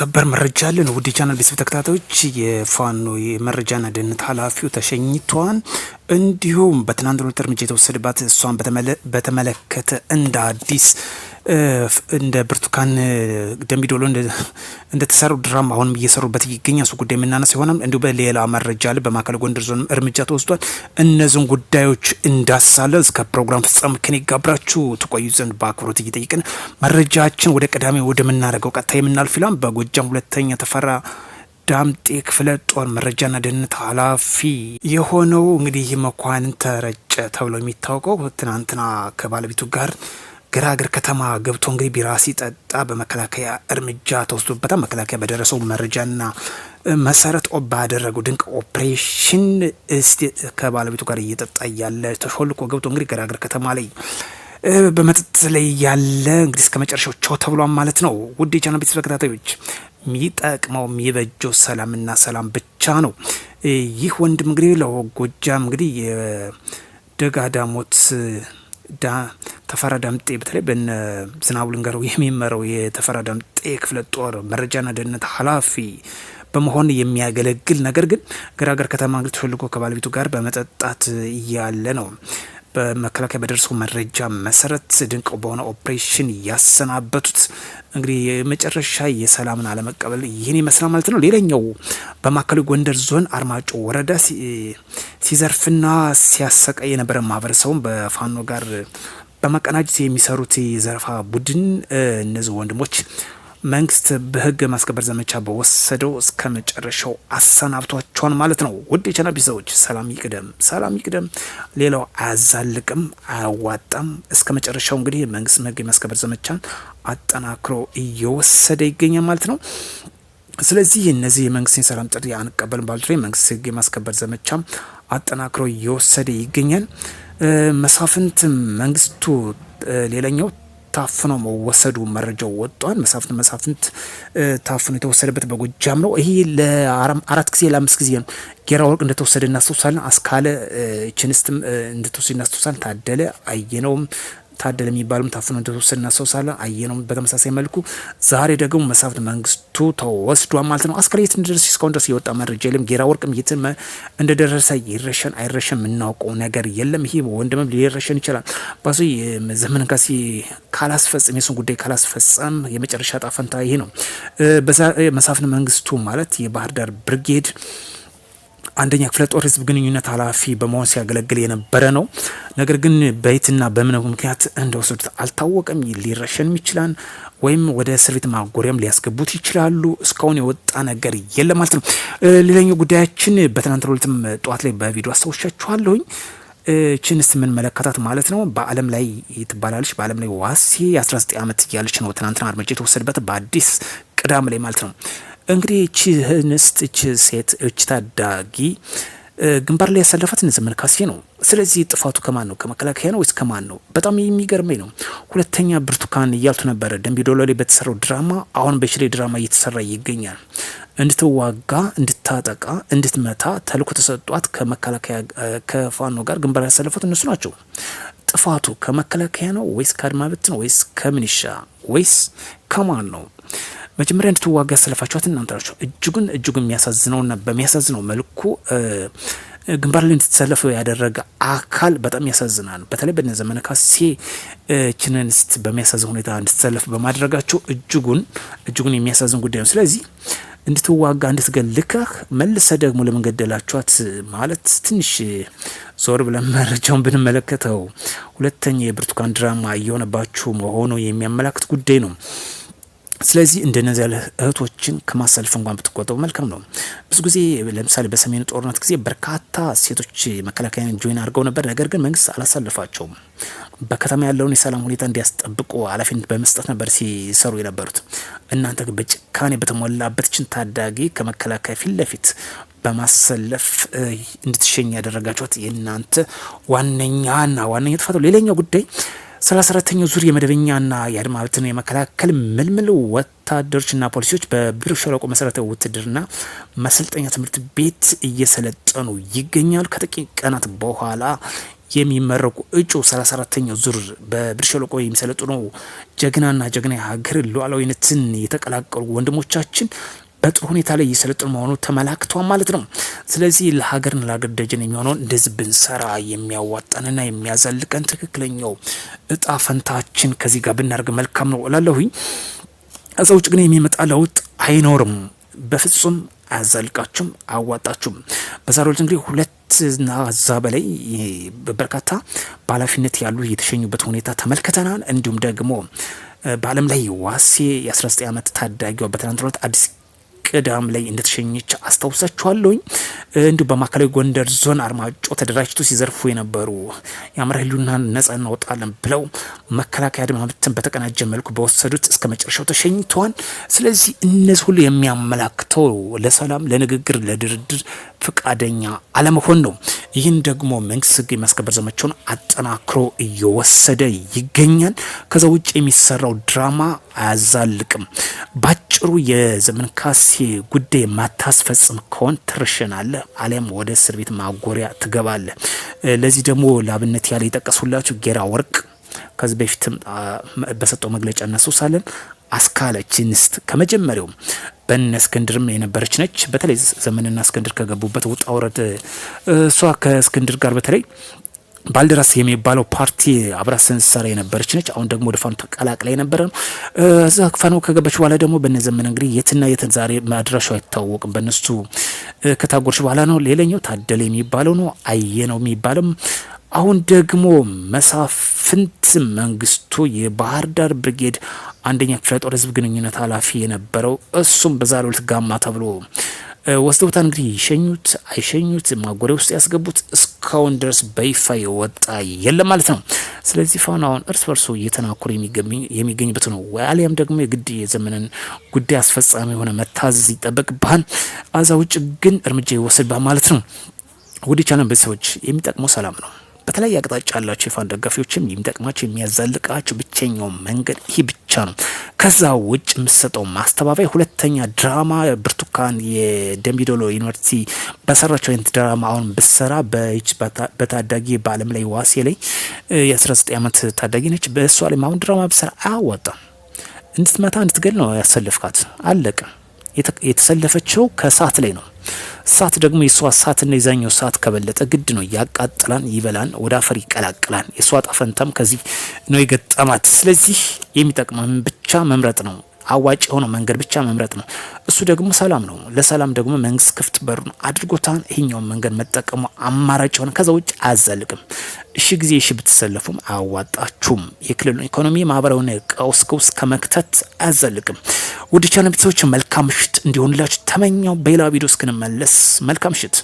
ሰበር መረጃ አለን። ውድ የቻናል ቤተሰብ ተከታታዮች የፋኖ የመረጃና ደህንነት ኃላፊው ተሸኝቷን እንዲሁም በትናንትናው ዕለት እርምጃ የተወሰደባት እሷን በተመለከተ እንደ አዲስ እንደ ብርቱካን ደምቢዶሎ እንደተሰሩ ድራማ አሁንም እየሰሩበት ይገኛል። እሱ ጉዳይ የምናነሳ ይሆናል። እንዲሁ በሌላ መረጃ ላይ በማዕከላዊ ጎንደር ዞን እርምጃ ተወስዷል። እነዚህን ጉዳዮች እንዳሳለን እስከ ፕሮግራም ፍጻሜ ከኔ ጋብራችሁ ተቆዩ ዘንድ በአክብሮት እየጠየቅን መረጃችን ወደ ወደ ወደምናደርገው ቀጥታ የምናልፍ ይላል። በጎጃም ሁለተኛ ተፈራ ዳምጤ ክፍለ ጦር መረጃና ደህንነት ኃላፊ የሆነው እንግዲህ መኳንን ተረጨ ተብሎ የሚታወቀው ትናንትና ከባለቤቱ ጋር ግራግር ከተማ ገብቶ እንግዲህ ቢራ ሲጠጣ በመከላከያ እርምጃ ተወስዶበታል። መከላከያ በደረሰው መረጃና መሰረት ባደረገው ድንቅ ኦፕሬሽን እስቲ ከባለቤቱ ጋር እየጠጣ ያለ ተሾልኮ ገብቶ እንግዲህ ግራግር ከተማ ላይ በመጠጥ ላይ ያለ እንግዲህ እስከ መጨረሻው ተብሏል ማለት ነው። ውድ የቻና ቤተሰብ ተከታታዮች የሚጠቅመው የሚበጀው ሰላምና ሰላም ብቻ ነው። ይህ ወንድም እንግዲህ ለጎጃም እንግዲህ የደጋዳሞት ተፈራ ዳምጤ በተለይ በነ ዝናቡ ልንገረው የሚመራው የተፈራ ዳምጤ ክፍለ ጦር መረጃና ደህንነት ኃላፊ በመሆን የሚያገለግል ነገር ግን ገራገር ከተማ እንግዲህ ከባለቤቱ ጋር በመጠጣት እያለ ነው በመከላከያ በደርሶ መረጃ መሰረት ድንቅ በሆነ ኦፕሬሽን ያሰናበቱት። እንግዲህ የመጨረሻ የሰላምን አለመቀበል ይህን ይመስላል ማለት ነው። ሌላኛው በማዕከላዊ ጎንደር ዞን አርማጮ ወረዳ ሲዘርፍና ሲያሰቃይ የነበረ ማህበረሰቡን በፋኖ ጋር በመቀናጀት የሚሰሩት የዘረፋ ቡድን እነዚህ ወንድሞች መንግስት በህግ የማስከበር ዘመቻ በወሰደው እስከ መጨረሻው አሰናብቷቸዋል ማለት ነው። ውድ የቻናል ሰዎች ሰላም ይቅደም፣ ሰላም ይቅደም። ሌላው አያዛልቅም፣ አያዋጣም። እስከ መጨረሻው እንግዲህ መንግስት ህግ የማስከበር ዘመቻን አጠናክሮ እየወሰደ ይገኛል ማለት ነው። ስለዚህ እነዚህ የመንግስትን ሰላም ጥሪ አንቀበልም ባሉት ላይ መንግስት ህግ የማስከበር ዘመቻ አጠናክሮ እየወሰደ ይገኛል። መሳፍንት መንግስቱ ሌላኛው ታፍኖ መወሰዱ መረጃው ወጥቷል። መሳፍንት መሳፍንት ታፍኖ የተወሰደበት በጎጃም ነው። ይሄ ለአራት ጊዜ ለአምስት ጊዜ ነው ጌራ ወርቅ እንደተወሰደ እናስተውሳለን። አስካለ ችንስትም እንደተወሰደ እናስተውሳለን። ታደለ አየነውም ታደለ የሚባሉም ታፍኖ እንደተወሰደ እናስታውሳለን። አየነው በተመሳሳይ መልኩ ዛሬ ደግሞ መሳፍንት መንግስቱ ተወስዷ ማለት ነው። አስከሬን የት እንደደረሰ እስካሁን ድረስ የወጣ መረጃ የለም። ጌራ ወርቅም የት እንደደረሰ ይረሸን አይረሸን የምናውቀው ነገር የለም። ይሄ ወንድምም ሊረሸን ይችላል። ባሱ ዘመን ካሲ ካላስፈጽም የሱን ጉዳይ ካላስፈጸም የመጨረሻ ጣፈንታ ይሄ ነው። መሳፍንት መንግስቱ ማለት የባህር ዳር ብርጌድ አንደኛ ክፍለ ጦር ህዝብ ግንኙነት ኃላፊ በመሆን ሲያገለግል የነበረ ነው። ነገር ግን በየትና በምን ምክንያት እንደወሰዱት አልታወቀም። ሊረሸንም ይችላል ወይም ወደ እስር ቤት ማጎሪያም ሊያስገቡት ይችላሉ። እስካሁን የወጣ ነገር የለም ማለት ነው። ሌላኛው ጉዳያችን በትናንት ዕለትም ጠዋት ላይ በቪዲዮ አስታውሻችኋለሁኝ። ችንስ የምንመለከታት ማለት ነው። በአለም ላይ ትባላለች። በአለም ላይ ዋሴ 19 ዓመት እያለች ነው ትናንትና እርምጃ የተወሰደበት በአዲስ ቅዳም ላይ ማለት ነው። እንግዲህ እቺ እንስት እቺ ሴት እቺ ታዳጊ ግንባር ላይ ያሳለፋት እነ ዘመነ ካሴ ነው። ስለዚህ ጥፋቱ ከማን ነው? ከመከላከያ ነው ወይስ ከማን ነው? በጣም የሚገርመኝ ነው። ሁለተኛ ብርቱካን እያልቱ ነበረ ደንቢ ዶሎ ላይ በተሰራው ድራማ፣ አሁን በሽሌ ድራማ እየተሰራ ይገኛል። እንድትዋጋ እንድታጠቃ፣ እንድትመታ ተልእኮ ተሰጧት። ከመከላከያ ከፋኖ ጋር ግንባር ያሳለፉት እነሱ ናቸው። ጥፋቱ ከመከላከያ ነው ወይስ ከአድማ ነው ወይስ ከምንሻ ወይስ ከማን ነው? መጀመሪያ እንድትዋጋ ያሰለፋችኋት እናንተ ናችሁ። እጅጉን እጅጉን የሚያሳዝነውና በሚያሳዝነው መልኩ ግንባር ላይ እንድትሰለፍ ያደረገ አካል በጣም ያሳዝናል። በተለይ በነ ዘመነ ካሴ ችነንስት በሚያሳዝን ሁኔታ እንድትሰለፍ በማድረጋቸው እጅጉን እጅጉን የሚያሳዝን ጉዳይ ነው። ስለዚህ እንድትዋጋ እንድትገልከህ መልሰ ደግሞ ለመንገደላቸዋት ማለት ትንሽ ዞር ብለን መረጃውን ብንመለከተው ሁለተኛ የብርቱካን ድራማ እየሆነባችሁ መሆኑ የሚያመላክት ጉዳይ ነው። ስለዚህ እንደነዚህ ያለ እህቶችን ከማሳለፍ እንኳን ብትቆጠቡ መልካም ነው። ብዙ ጊዜ ለምሳሌ በሰሜኑ ጦርነት ጊዜ በርካታ ሴቶች መከላከያ ጆይን አድርገው ነበር። ነገር ግን መንግስት አላሳልፋቸውም። በከተማ ያለውን የሰላም ሁኔታ እንዲያስጠብቁ ኃላፊነት በመስጠት ነበር ሲሰሩ የነበሩት። እናንተ ግን በጭካኔ በተሞላበት ችን ታዳጊ ከመከላከያ ፊት ለፊት በማሰለፍ እንድትሸኝ ያደረጋችኋት የእናንተ ዋነኛና ዋነኛ ጥፋት ነው። ሌላኛው ጉዳይ ሰላሳ አራተኛው ዙር የመደበኛና የአድማ ብተናን የመከላከል ምልምል ወታደሮችና ፖሊሲዎች በብር ሸለቆ መሰረታዊ ውትድርና መሰልጠኛ ትምህርት ቤት እየሰለጠኑ ይገኛሉ። ከጥቂት ቀናት በኋላ የሚመረቁ እጩ 34 ዙር በብር ሸለቆ የሚሰለጥኑ ጀግናና ጀግና የሀገር ሉዓላዊነትን የተቀላቀሉ ወንድሞቻችን በጥሩ ሁኔታ ላይ እየሰለጠኑ መሆኑ ተመላክቷል ማለት ነው። ስለዚህ ለሀገርን ለሀገር ደጀን የሚሆነውን እንደዚህ ብንሰራ የሚያዋጣንና የሚያዘልቀን ትክክለኛው እጣ ፈንታችን ከዚህ ጋር ብናደርግ መልካም ነው እላለሁኝ። ከዛ ውጭ ግን የሚመጣ ለውጥ አይኖርም፣ በፍጹም አያዘልቃችሁም፣ አያዋጣችሁም። በዛሬው ዕለት እንግዲህ ሁለት ና ዛ በላይ በርካታ በኃላፊነት ያሉ የተሸኙበት ሁኔታ ተመልክተናል። እንዲሁም ደግሞ በዓለም ላይ ዋሴ የ19 ዓመት ታዳጊዋ በትናንትናው ዕለት አዲስ ቅዳም ላይ እንደተሸኘች አስታውሳችኋለሁኝ። እንዲሁ በማዕከላዊ ጎንደር ዞን አርማጮ ተደራጅቶ ሲዘርፉ የነበሩ የአማራ ሕልውናን ነጻ እናወጣለን ብለው መከላከያ አድማ በተቀናጀ መልኩ በወሰዱት እስከ መጨረሻው ተሸኝተዋል። ስለዚህ እነዚህ ሁሉ የሚያመላክተው ለሰላም፣ ለንግግር፣ ለድርድር ፍቃደኛ አለመሆን ነው። ይህን ደግሞ መንግስት ህግ የማስከበር ዘመቻውን አጠናክሮ እየወሰደ ይገኛል። ከዛ ውጭ የሚሰራው ድራማ አያዛልቅም። ባጭሩ የዘመን ካሴ ጉዳይ ማታስፈጽም ከሆን ትርሸናለህ፣ አሊያም ወደ እስር ቤት ማጎሪያ ትገባለህ። ለዚህ ደግሞ ለአብነት ያለ የጠቀሱላችሁ ጌራ ወርቅ ከዚህ በፊትም በሰጠው መግለጫ እናስታውሳለን። አስካለ ቺንስት ከመጀመሪያውም በነ እስክንድርም የነበረች ነች። በተለይ ዘመንና እስክንድር ከገቡበት ውጣ ውረድ እሷ ከእስክንድር ጋር በተለይ ባልደራስ የሚባለው ፓርቲ አብራ ስንሰራ የነበረች ነች። አሁን ደግሞ ወደ ፋኖ ተቀላቅላ የነበረ ነው። እዛ ፋኖ ከገባች በኋላ ደግሞ በነ ዘመን እንግዲህ የትና የትን ዛሬ አድራሹ አይታወቅም። በእነሱ ከታጎርች በኋላ ነው። ሌላኛው ታደለ የሚባለው ነው። አየ ነው የሚባለም አሁን ደግሞ መሳፍንት መንግስቱ የባህር ዳር ብርጌድ አንደኛ ክፍለ ጦር ህዝብ ግንኙነት ኃላፊ የነበረው እሱም በዛሬው ዕለት ጋማ ተብሎ ወስደውታል። እንግዲህ ይሸኙት አይሸኙት ማጎሪያ ውስጥ ያስገቡት እስካሁን ድረስ በይፋ የወጣ የለም ማለት ነው። ስለዚህ ፋኖ አሁን እርስ በርሶ እየተናኩር የሚገኝበት ነው። አሊያም ደግሞ የግድ የዘመንን ጉዳይ አስፈጻሚ የሆነ መታዘዝ ይጠበቅብሃል። አዛ ውጭ ግን እርምጃ ይወሰድብሃል ማለት ነው። ውድ ቻናል ቤተሰቦች የሚጠቅመው ሰላም ነው። በተለያየ አቅጣጫ ያላቸው የፋን ደጋፊዎችም የሚጠቅማቸው የሚያዘልቃቸው ብቸኛው መንገድ ይህ ብቻ ነው። ከዛ ውጭ የምትሰጠው ማስተባበያ ሁለተኛ ድራማ ብርቱካን የደምቢዶሎ ዩኒቨርሲቲ በሰራቸው አይነት ድራማ አሁን ብሰራ በች በታዳጊ በአለም ላይ ዋሴ ላይ የ19 ዓመት ታዳጊ ነች። በእሷ ላይ አሁን ድራማ ብሰራ አያዋጣም። እንድትመታ እንድትገል ነው ያሰልፍካት አለቅም የተሰለፈችው ከእሳት ላይ ነው። እሳት ደግሞ የእሷ እሳትና የዛኛው እሳት ከበለጠ ግድ ነው፣ ያቃጥላን፣ ይበላን፣ ወደ አፈር ይቀላቅላን። የእሷ ጣፈንታም ከዚህ ነው የገጠማት። ስለዚህ የሚጠቅመን ብቻ መምረጥ ነው። አዋጭ የሆነው መንገድ ብቻ መምረጥ ነው። እሱ ደግሞ ሰላም ነው። ለሰላም ደግሞ መንግስት ክፍት በሩን አድርጎታን ይህኛውን መንገድ መጠቀሙ አማራጭ የሆነ ከዛ ውጭ አያዘልቅም። እሺ ጊዜ እሺ ብትሰለፉም አያዋጣችሁም። የክልሉን ኢኮኖሚ ማህበራዊና ቀውስ ቀውስ ከመክተት አያዘልቅም። ውድ ቻናል ቤተሰቦች መልካም ምሽት እንዲሆንላችሁ ተመኛው። በሌላ ቪዲዮ እስክንመለስ መልካም ምሽት።